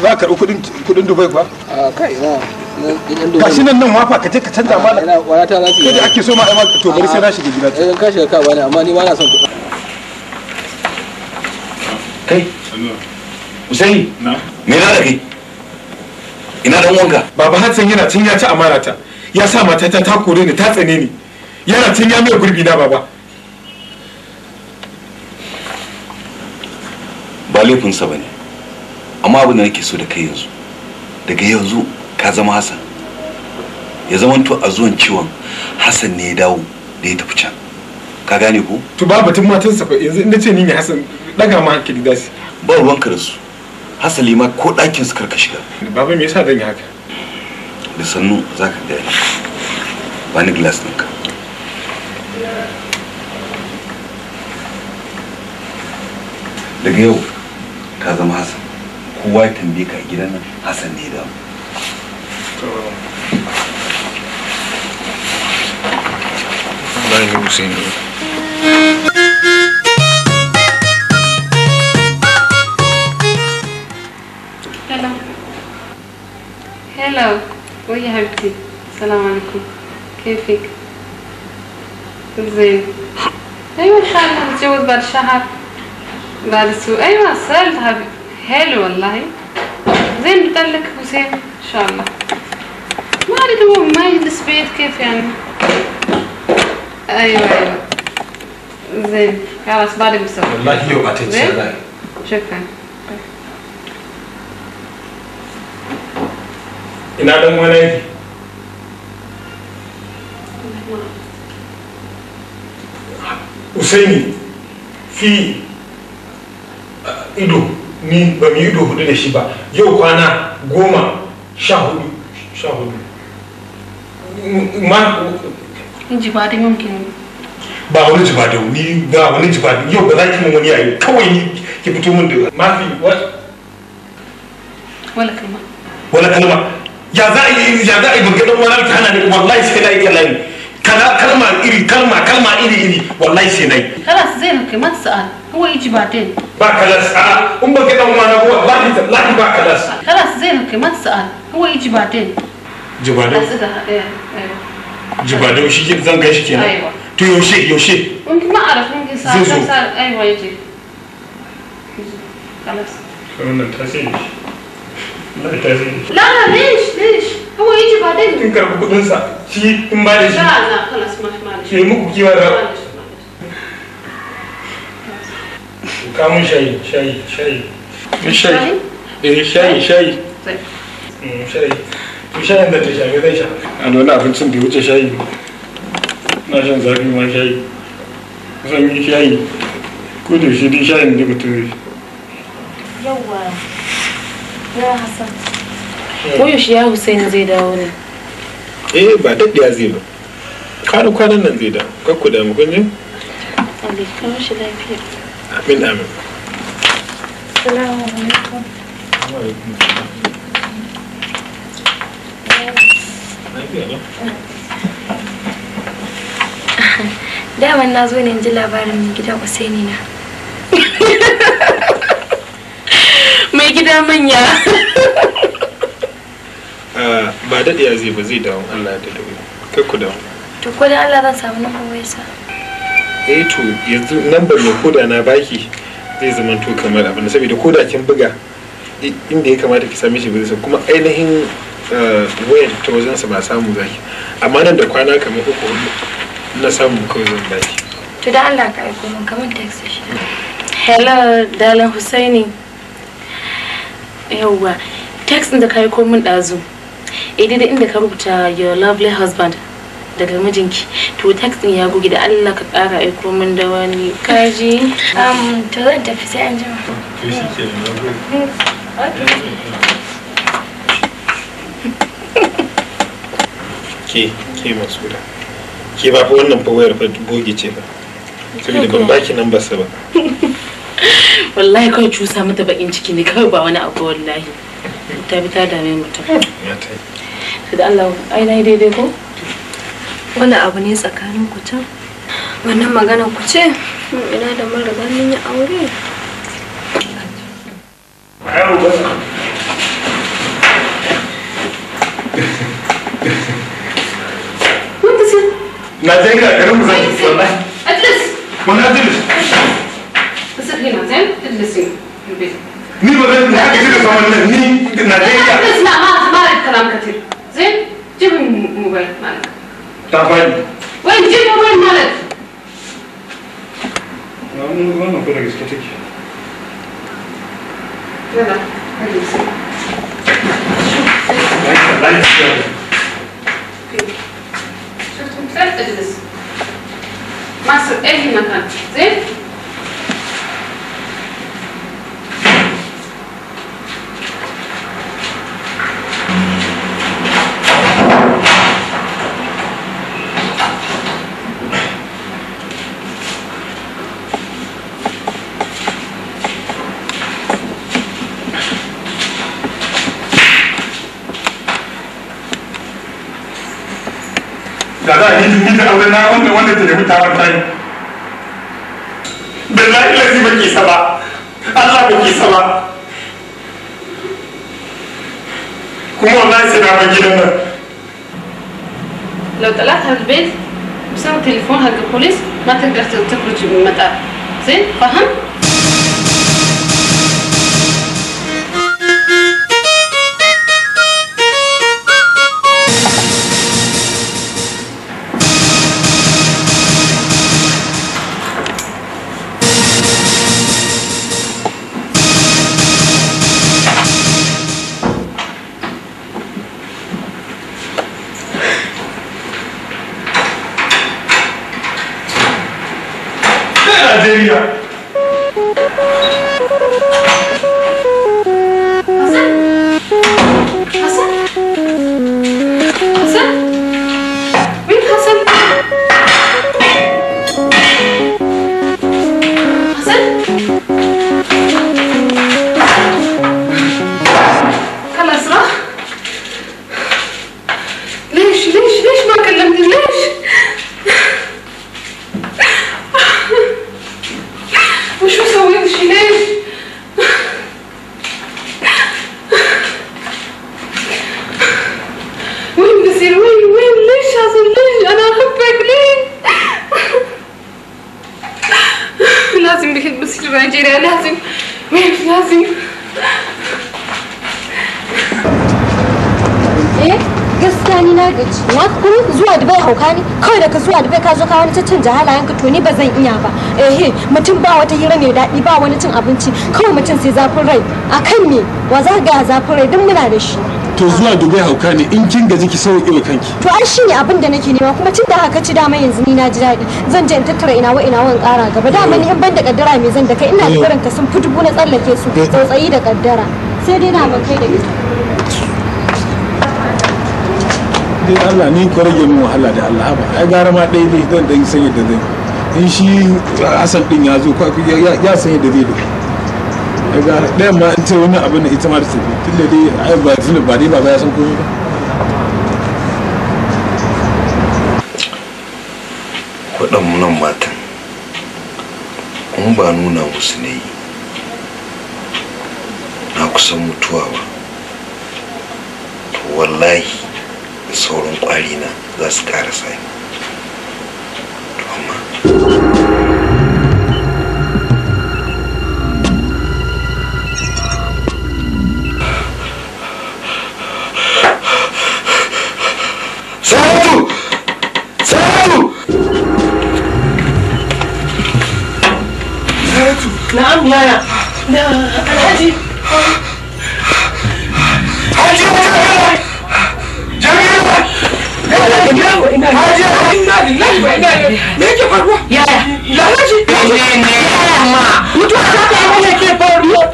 za ka karɓi kuɗin dubai ba? a kai na gashi nan nan wafa ka je ka canza mana ina warata za su yi ake so ma ai ma to bari sai na shiga gida eh ka shiga ka bani amma ni ba na son kuɗi kai Usaini me na da kai ina dan wanka baba hatsan yana cin ya ci amana ta ya sa mata ta kore ni ta tsane ni yana cin ya mai gurbi na baba ba laifinsa ba ne amma abin da nake so da kai yanzu daga yanzu ka zama hassan ya zama to a zuwan ciwon hassan ne ya dawo da ya tafi can ka gane ko to ba batun matan sa yanzu inda ce ni ne hassan daga ma hankali da shi. ba ruwan ka da su hasali ma ko ɗakin su karka shiga baba me yasa zan yi haka da sannu za ka ni ba ni glass ɗinka daga yau ka zama hassan kowa ya tambaye ka gidan Hassan ne da Allah وي يا حبيبتي السلام عليكم كيفك زين ايوه الحال شاء بعد شهر بعد سوء ايوه سالت حبيبتي حلو والله زين بدل لك حسين ان شاء الله ما اريد هو ما يجلس بيت كيف يعني ايوه ايوه زين خلاص بالي مسوي والله يوم عتيت شكرا إن أنا مو yake usaini fi ido ni ba mu yi do hudu da shi ba yau kwana goma sha hudu sha hudu ba wani jibadin ni ba wani jibadin yau ba za ki mun wani yayi kawai ni ki fito mun da mafi wala kalma wala kalma ya za a yi ya za a yi bangadan wani hana ne wallahi sai na yi kalani kalma iri kalma kalma iri iri wallahi sai na yi kalas zai na kai masu sa'ad kuma ichi ba ten ba kalas a in ba dan uwa na ba ni ta ba kalas kalas zai kai mata sa'a kuma ichi ba ten zan gaishe kenan to yaushe yaushe in kuma arafin ki sa'a sa'a aiwa yake kalas Lala leş leş. yi ci ba dai. Kin karbi kudin sa. Shi shi. Za kalas mash mash. Ke muku kamun shayi shayi shayi shayi eh shayi shayi shayi to shayin da ta shafe zai sha a wani abincin bai wuce shayi na shan zafi ma shayi kusan yi shayi ko da shi dai shayin da mutum yawwa ya hasan koyaushe ya hussein zai dawo ne eh ba daɗiya zai ba kwanan kwanan nan zai da kakku damu kunje? Allah shi lafiya amin amin salamu alaikum daman na zo ne in ji labarin mai gida usaini na mai gida manya ah, ba ya zai ba zai dawon allah da dawo kai ku dawo to ko da allah zan samu nan sa. eh to yanzu ban ne koda na baki zai zama to kamar abin saboda koda kin buga inda ya kamata ki same shi bisa kuma ainihin eh, wayar ta wajen sa ba samu zaki amma nan da kwana kamar uku hudu na samu kawai zan baki to da Allah ka aiko mun kamar text shi mm. hello dalan husaini yawwa text da ka aiko mun dazu eh, idan da inda ka rubuta your lovely husband daga mijinki to text din ya goge da Allah ka ƙara aiko min da wani kaji um to zan tafi sai an jima ke ke masu da ke ba fa wannan fa wayar fa goge ce ba saboda ban baki nan ba ba wallahi kawai cusa mata bakin ciki ne kawai ba wani abu wallahi ta bi ta dame mutum ya ta yi da Allah ai na daidai ko wani abu ne tsakanin ku can wannan magana ku ce ina da mun riga mun yi aure Na zai ga garin zan yi wallahi. Atlas. Wani Atlas. Asir gina zan tilisi. Ni ba zan da haka tilisa wannan ni na zai ga. Atlas na ma mara kalam katir. Zai jibin mubai malaka. Давай. Ой, где мой малец? Ja, nu var nog pedagogisk kritik. Vänta, vad är det? شفتوا مثال تجلس مع سؤال هنا زين نعم، لو طلعت هذا البيت بسبب تليفون للبوليس ما تقدر تخرج من المطار زين فهمت؟ canja halayenka to ni ba zan iya ba ehe mutum ba wata hira mai daɗi ba wani cin abinci kawai mutum sai zafin rai a kan me wa za ga zafin rai duk muna da shi to zuwa dubai hauka ne in kin gaji ki sauƙi wa kanki to ai shine abin da nake nema kuma tun da haka ci dama yanzu ni na ji daɗi zan je in tattara ina wa ina wan ƙara gaba dama ni in ban da kaddara me zan da kai ina da ka eh. sun fi dubu na tsallake su eh. tsautsayi da kaddara sai dai na ba kai da gida din Allah ni ko rage min wahala da Allah ba ai gara ma dai dai dan dan san yadda zai in shi asan din ya zo ya san yadda zai dai ai gara dai ma in ce wani abin da ita ma da tafi tunda dai ai ba tunda ba dai ba ya san komai ba kuɗin nan matan kun ba nuna musu ne na kusan mutuwa ba wallahi da sauran kwari na za su ƙara sani amma Na'am yaya. Da alhaji. Aja mutuwa ta ta yi wani ke faruwa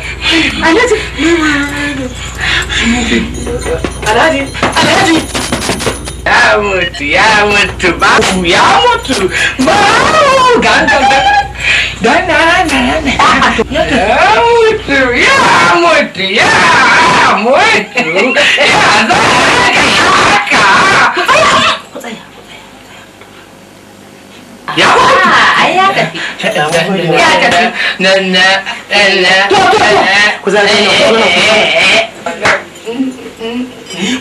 alhaji alhaji alhaji ya mutu ya mutu ba ya mutu ba gangan Da na na na Ya mutu, ya mutu, ya mutu. Ya za ka haka. Ya. Ayah kasi. Ya kasi. Nana, nana. Tuh, tuh, tuh. Kuzana, kuzana, kuzana.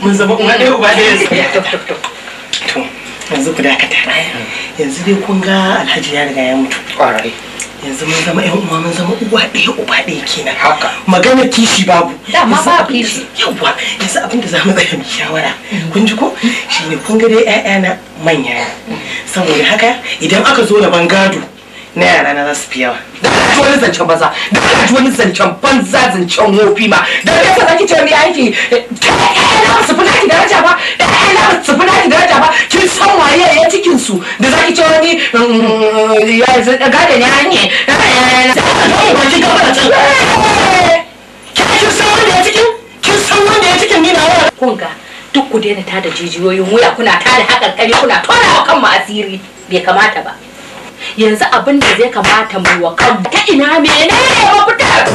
Mun zama kuma ɗaya uba ɗaya. Tuh, tuh, tuh. yanzu ku dakata yanzu dai kun ga alhaji ya riga ya mutu yanzu mun zama yan uwa mun zama uwa ɗaya uba ɗaya kenan haka magana kishi babu dama ba kishi yawa yanzu abin da zamu tsaya mu shawara mm. kun ji ko shine kun ga dai na manya mm. saboda haka idan aka zo da bangado na yara na za su fi yawa da ka wani zancen banza da ka wani zancen banza zancen wofi ma da ka sa zaki cewa mai aiki ta ɗaya na su fi naki daraja ba da ɗaya na su fi naki daraja ba kin san waye ya cikin su da zaki cewa ni ya gada ne hanye da ka ga ba ki gaba kin san wanda ya cikin kin san wanda ya cikin ni na wa kun duk ku daina tada jijiyoyin wuya kuna tada hakan kare kuna tona wa kan mu asiri bai kamata ba yanzu abin da zai kamata mu wa kan ta ina menene mafitar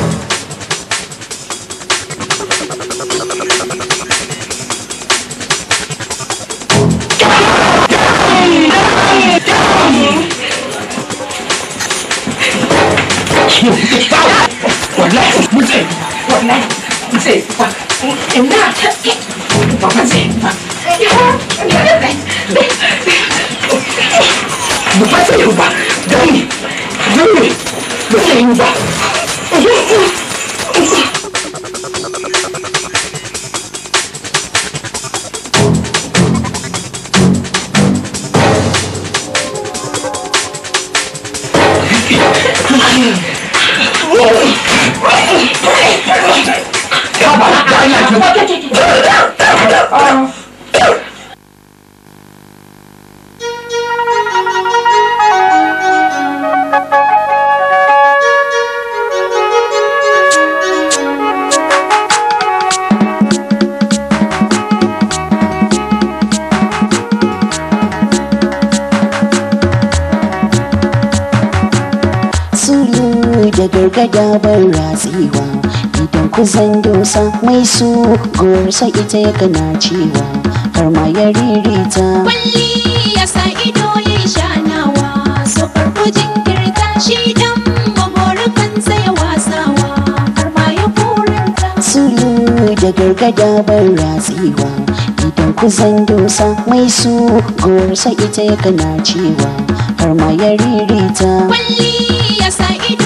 ba fita Não faça Yoruba. Dane. Dane. Você é Yoruba. Oh, on, I'm not going to... bai ga damar ratsewa idan kusan dosa mai su gorsa ita ya gana cewa har ma ya ririta kwalli ya sa ido ya shanawa so farko jinkirta shi dan maborukan ya wasawa har ma ya kuranta sulu da gargada ban ratsewa idan kusan dosa mai su gorsa ita ya gana cewa har ma ya ririta kwalli ya sa ido